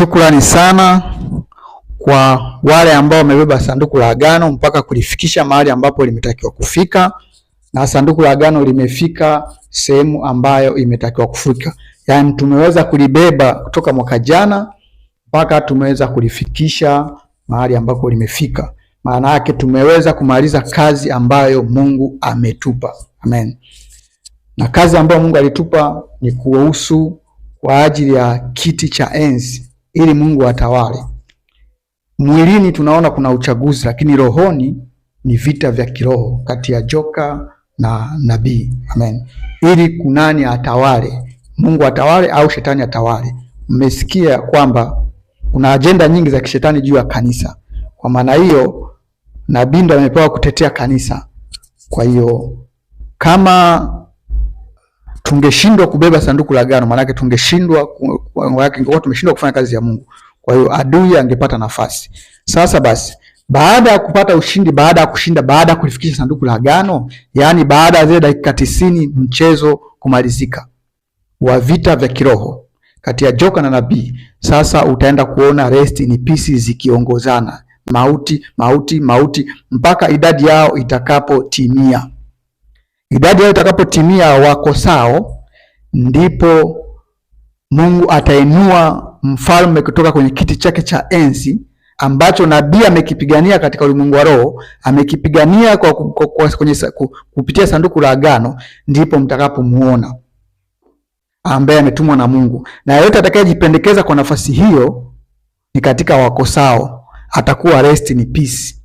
Shukrani sana kwa wale ambao wamebeba sanduku la agano mpaka kulifikisha mahali ambapo limetakiwa kufika, na sanduku la agano limefika sehemu ambayo imetakiwa kufika. Yaani tumeweza kulibeba kutoka mwaka jana mpaka tumeweza kulifikisha mahali ambapo limefika. Maana yake tumeweza kumaliza kazi ambayo Mungu ametupa. Amen. Na kazi ambayo Mungu alitupa ni kuhusu kwa ajili ya kiti cha enzi ili Mungu atawale. Mwilini tunaona kuna uchaguzi, lakini rohoni ni vita vya kiroho kati ya joka na nabii. Amen. Ili kunani atawale, Mungu atawale au shetani atawale? Mmesikia kwamba kuna ajenda nyingi za kishetani juu ya kanisa. Kwa maana hiyo, nabii ndo amepewa kutetea kanisa. Kwa hiyo kama tungeshindwa kubeba sanduku la agano, yake tungeshindwa, ingekuwa tumeshindwa kufanya kazi ya Mungu. Kwa hiyo adui angepata nafasi. Sasa basi, baada ya kupata ushindi, baada ya kushinda, baada ya kulifikisha sanduku la agano, yaani baada ya zile dakika tisini mchezo kumalizika wa vita vya kiroho kati ya joka na nabii, sasa utaenda kuona rest in peace zikiongozana, mauti, mauti, mauti mpaka idadi yao itakapotimia. Idadi yao itakapotimia wakosao, ndipo Mungu atainua mfalme kutoka kwenye kiti chake cha enzi ambacho nabii amekipigania katika ulimwengu wa roho, amekipigania kwa, kwa, kwa, kwenye, kupitia sanduku la agano, ndipo mtakapomuona ambaye ametumwa na Mungu. Na yeyote atakayejipendekeza kwa nafasi hiyo ni katika wakosao, atakuwa rest in peace.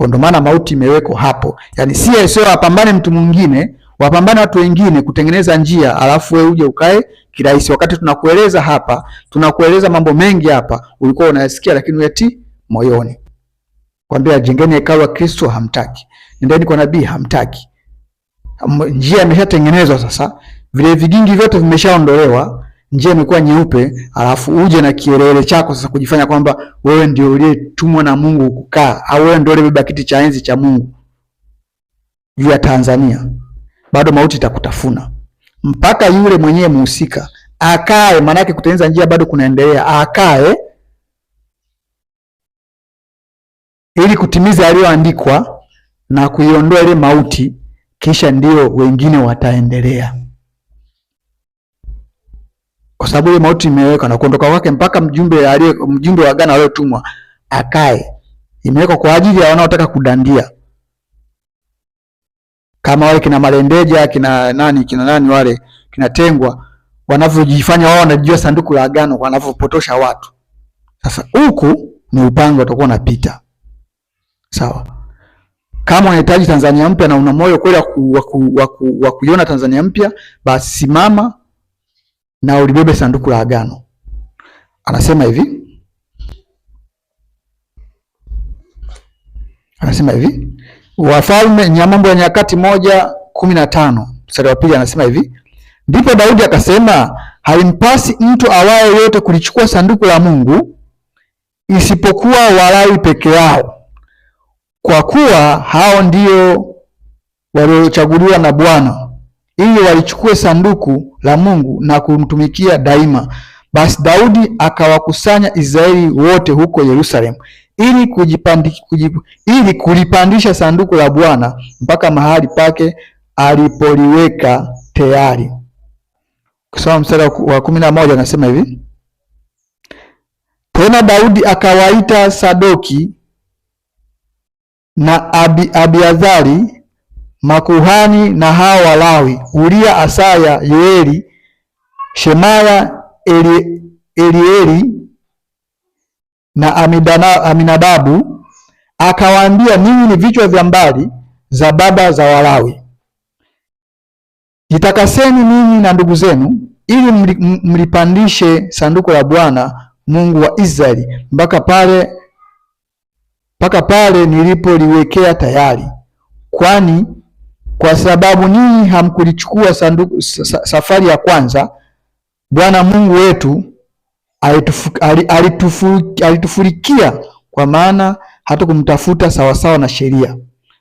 Kwa ndo maana mauti imewekwa hapo, yaani si sio wapambane mtu mwingine, wapambane watu wengine kutengeneza njia, alafu wewe uje ukae kirahisi, wakati tunakueleza hapa, tunakueleza mambo mengi hapa, ulikuwa unayasikia lakini uyati moyoni. Kwambia jengeni hekalu la Kristo, hamtaki. Nendeni kwa nabii, hamtaki. Njia imeshatengenezwa sasa, vile vigingi vyote vimeshaondolewa njia imekuwa nyeupe, alafu uje na kielele chako sasa kujifanya kwamba wewe ndio uliyetumwa na Mungu kukaa au wewe ndio uliyebeba kiti cha enzi cha Mungu juu ya Tanzania, bado mauti itakutafuna mpaka yule mwenyewe muhusika akae. Maanake kutengeneza njia bado kunaendelea, akae ili kutimiza aliyoandikwa na kuiondoa ile mauti, kisha ndio wengine wataendelea kwa sababu ile mauti imewekwa na kuondoka kwake mpaka mjumbe aliye mjumbe wa agano aliyotumwa akae, imewekwa kwa ajili ya wanaotaka kudandia, kama wale kina Malendeja kina nani kina nani wale kinatengwa wanavyojifanya wao wanajua sanduku la agano, wanavyopotosha watu. Sasa huku ni upanga utakuwa unapita, sawa. Kama unahitaji Tanzania mpya na una moyo kweli wa kuiona Tanzania mpya, basi simama na ulibebe sanduku la agano. Anasema hivi, anasema hivi Wafalme ya Mambo ya Nyakati moja kumi na tano mstari wa pili anasema hivi, ndipo Daudi akasema, halimpasi mtu awaye yote kulichukua sanduku la Mungu isipokuwa Walawi peke yao, kwa kuwa hao ndio waliochaguliwa na Bwana ili walichukue sanduku la Mungu na kumtumikia daima. Basi Daudi akawakusanya Israeli wote huko Yerusalemu ili kujipandi, kujip, ili kulipandisha sanduku la Bwana mpaka mahali pake alipoliweka tayari. Kusoma mstari wa kumi na moja anasema hivi: tena Daudi akawaita Sadoki na Abi, Abiadhari makuhani na hao Walawi: Uria, Asaya, Yoeli, Shemaya, Eli, Elieli na Amidana, Aminadabu. Akawaambia, ninyi ni vichwa vya mbali za baba za Walawi. Jitakaseni ninyi na ndugu zenu, ili mlipandishe sanduku la Bwana Mungu wa Israeli mpaka pale mpaka pale nilipoliwekea tayari, kwani kwa sababu ninyi hamkulichukua sanduku safari ya kwanza, Bwana Mungu wetu alitufurikia, kwa maana hatukumtafuta sawasawa na sheria.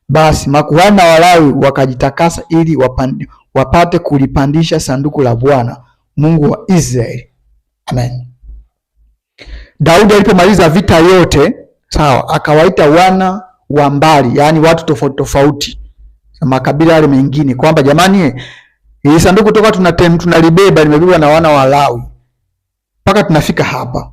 Basi makuhani na Walawi wakajitakasa ili wapande, wapate kulipandisha sanduku la Bwana Mungu wa Israeli. Amen. Daudi alipomaliza vita yote, sawa, akawaita wana wa mbali, yaani watu tofauti tofauti makabila yale mengine kwamba jamani, hii sanduku toka tunatem tunalibeba limebebwa na wana wa Lawi mpaka tunafika hapa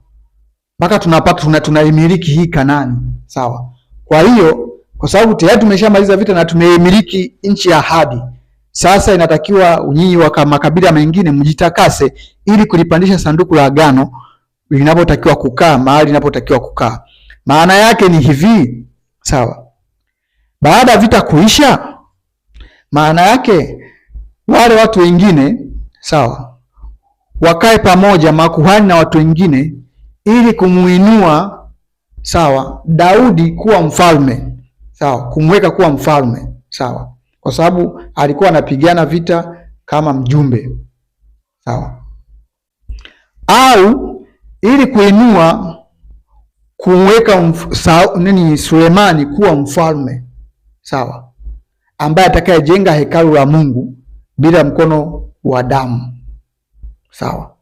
mpaka tunapata tuna, tunaimiliki hii Kanani sawa. Kwa hiyo kwa sababu tayari tumeshamaliza vita na tumeimiliki nchi ya ahadi, sasa inatakiwa nyinyi wa makabila mengine mjitakase, ili kulipandisha sanduku la agano linapotakiwa kukaa mahali linapotakiwa kukaa. Maana yake ni hivi sawa, baada ya vita kuisha maana yake wale watu wengine sawa, wakae pamoja, makuhani na watu wengine, ili kumuinua sawa, Daudi kuwa mfalme sawa, kumweka kuwa mfalme sawa, kwa sababu alikuwa anapigana vita kama mjumbe sawa, au ili kuinua kumweka nini Sulemani kuwa mfalme sawa ambaye atakayejenga hekalu la Mungu bila mkono wa damu. Sawa,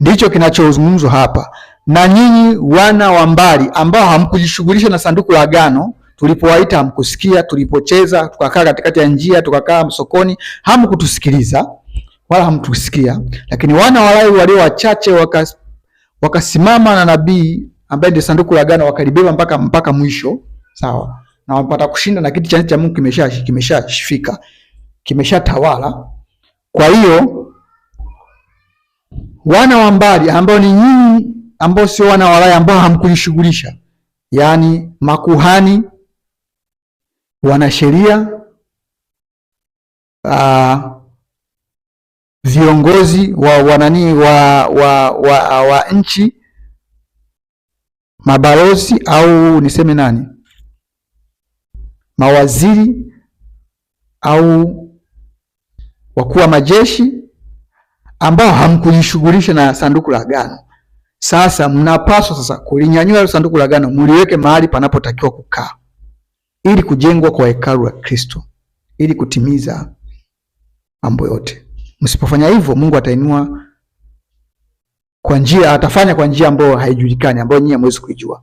ndicho kinachozungumzwa hapa. Na nyinyi wana wa mbali, ambao hamkujishughulisha na sanduku la agano tulipowaita hamkusikia, tulipocheza tukakaa katikati ya njia, tukakaa sokoni, hamkutusikiliza wala hamtusikia. Lakini wana wa Lawi walio wachache wakas, wakasimama na nabii ambaye ndiye sanduku la agano, wakalibeba mpaka mpaka mwisho. Sawa, na wamepata kushinda na kiti cha enzi cha Mungu kimesha kimeshafika kimeshatawala. Kwa hiyo wana wa mbali ambao ni nyinyi, ambao sio wana wa ambao hamkujishughulisha, yaani makuhani, wanasheria, ah, viongozi wa wanani wa, wa, wa, wa nchi, mabalozi au niseme nani mawaziri au wakuu wa majeshi ambao hamkujishughulisha na sanduku la agano. Sasa mnapaswa sasa kulinyanyua hilo sanduku la agano, mliweke mahali panapotakiwa kukaa, ili kujengwa kwa hekalu la Kristo, ili kutimiza mambo yote. Msipofanya hivyo, Mungu atainua kwa njia, atafanya kwa njia ambayo haijulikani, ambayo nyinyi hamwezi kuijua.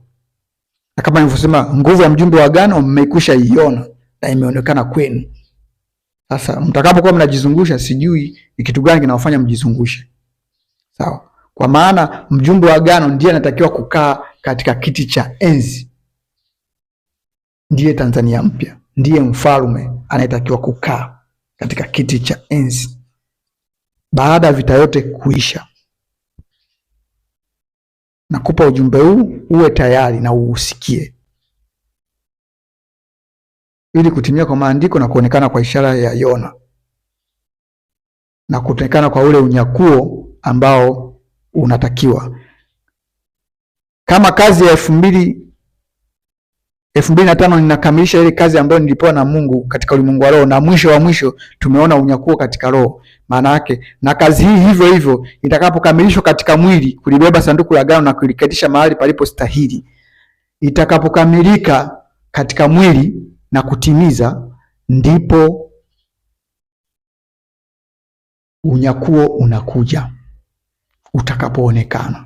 Na kama nilivyosema, nguvu ya mjumbe wa agano mmeikwisha iona na imeonekana kwenu. Sasa mtakapokuwa mnajizungusha, sijui ni kitu gani kinawafanya mjizungushe. Sawa? Kwa maana mjumbe wa agano ndiye anatakiwa kukaa katika kiti cha enzi, ndiye Tanzania mpya, ndiye mfalme anayetakiwa kukaa katika kiti cha enzi baada ya vita yote kuisha. Nakupa ujumbe huu uwe tayari na uusikie, ili kutimia kwa maandiko na kuonekana kwa ishara ya Yona na kuonekana kwa ule unyakuo ambao unatakiwa kama kazi ya elfu mbili elfu mbili na tano ninakamilisha ile kazi ambayo nilipewa na Mungu katika ulimwengu wa roho, na mwisho wa mwisho tumeona unyakuo katika roho. Maana yake na kazi hii hivyo hivyo itakapokamilishwa katika mwili, kulibeba sanduku la agano na kuliketisha mahali palipostahili, itakapokamilika katika mwili na kutimiza, ndipo unyakuo unakuja utakapoonekana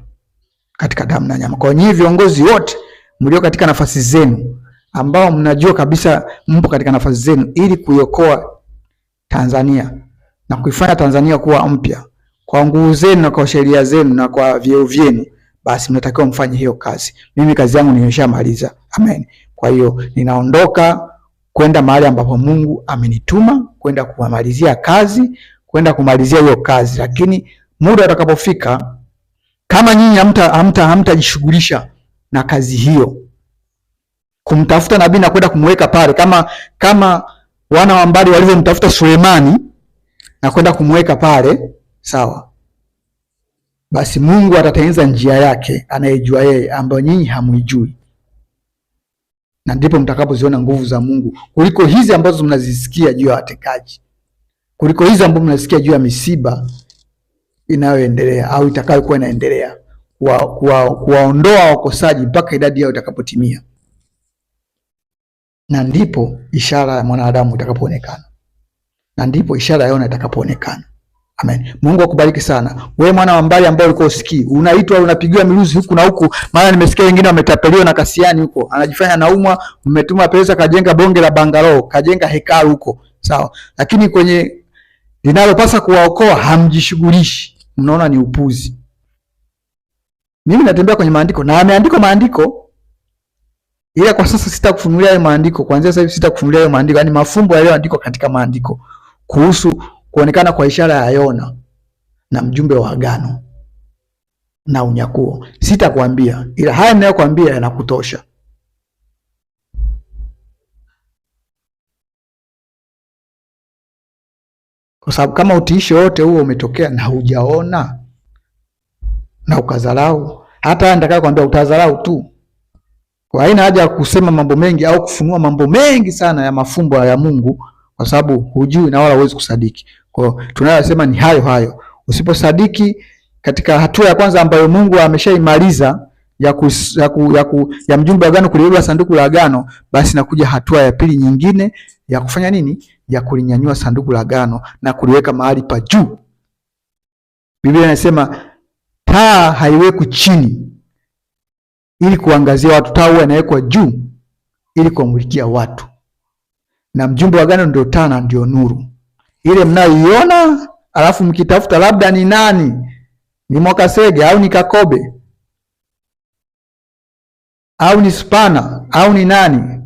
katika damu na nyama. Kwa hiyo nyinyi viongozi wote mlio katika nafasi zenu, ambao mnajua kabisa mpo katika nafasi zenu, ili kuiokoa Tanzania na kuifanya Tanzania kuwa mpya kwa nguvu zenu na kwa sheria zenu na kwa vyeo vyenu, basi mnatakiwa mfanye hiyo kazi. Mimi kazi yangu nimeshamaliza, amen. Kwa hiyo ninaondoka kwenda mahali ambapo Mungu amenituma kwenda kumalizia kazi, kwenda kumalizia hiyo kazi, lakini muda utakapofika, kama nyinyi hamtajishughulisha na kazi hiyo, kumtafuta nabii na kwenda kumweka pale, kama kama wana wa mbali walivyomtafuta Sulemani na kwenda kumweka pale. Sawa, basi Mungu atatengeneza njia yake anayejua yeye, ambayo nyinyi hamuijui, na ndipo mtakapoziona nguvu za Mungu kuliko hizi ambazo mnazisikia juu ya watekaji, kuliko hizi ambazo mnazisikia juu ya misiba inayoendelea au itakayokuwa inaendelea kuwaondoa wakosaji mpaka idadi yao itakapotimia, na ndipo ishara ya mwanadamu itakapoonekana, na ndipo ishara ya Yona itakapoonekana. Amen. Mungu akubariki sana. Wewe mwana wa mbali ambaye ulikuwa usikii, unaitwa unapigiwa miruzi huku na huku, maana nimesikia wengine wametapeliwa na kasiani huko, anajifanya anaumwa, umetuma pesa, kajenga bonge la bangalo, kajenga hekalu huko, sawa, lakini kwenye linalopasa kuwaokoa hamjishughulishi, mnaona ni upuzi. Mimi natembea kwenye maandiko na ameandikwa maandiko, ila kwa sasa sitakufunulia hayo maandiko. Kuanzia sasa hivi sitakufunulia hayo maandiko, yani mafumbo yaliyoandikwa katika maandiko kuhusu kuonekana kwa ishara ya Yona na mjumbe wa agano na unyakuo, sitakwambia, ila haya ninayokuambia yanakutosha. Kwa sababu kama utiisho wote huo umetokea na hujaona na ukadharau. Hata kwambia utadharau tu, kwa haina haja ya kusema mambo mengi au kufunua mambo mengi sana ya mafumbo ya Mungu, kwa sababu hujui na wala huwezi kusadiki. Kwa tunayosema ni hayo hayo, usiposadiki katika hatua ya kwanza ambayo Mungu ameshaimaliza ya, ku, ya, ku, ya, ku, ya mjumbe wa agano kulibeba sanduku la agano, basi nakuja hatua ya pili nyingine ya kufanya nini? Ya kulinyanyua sanduku la agano na kuliweka mahali pa juu. Biblia inasema Taa haiwekwi chini ili kuangazia watu, taa huwa inawekwa juu ili kuwamulikia watu, na mjumbe wa agano ndio taa na ndio nuru ile mnayoiona. Alafu mkitafuta labda ni nani, ni mwaka sege au ni Kakobe au ni Spana au ni nani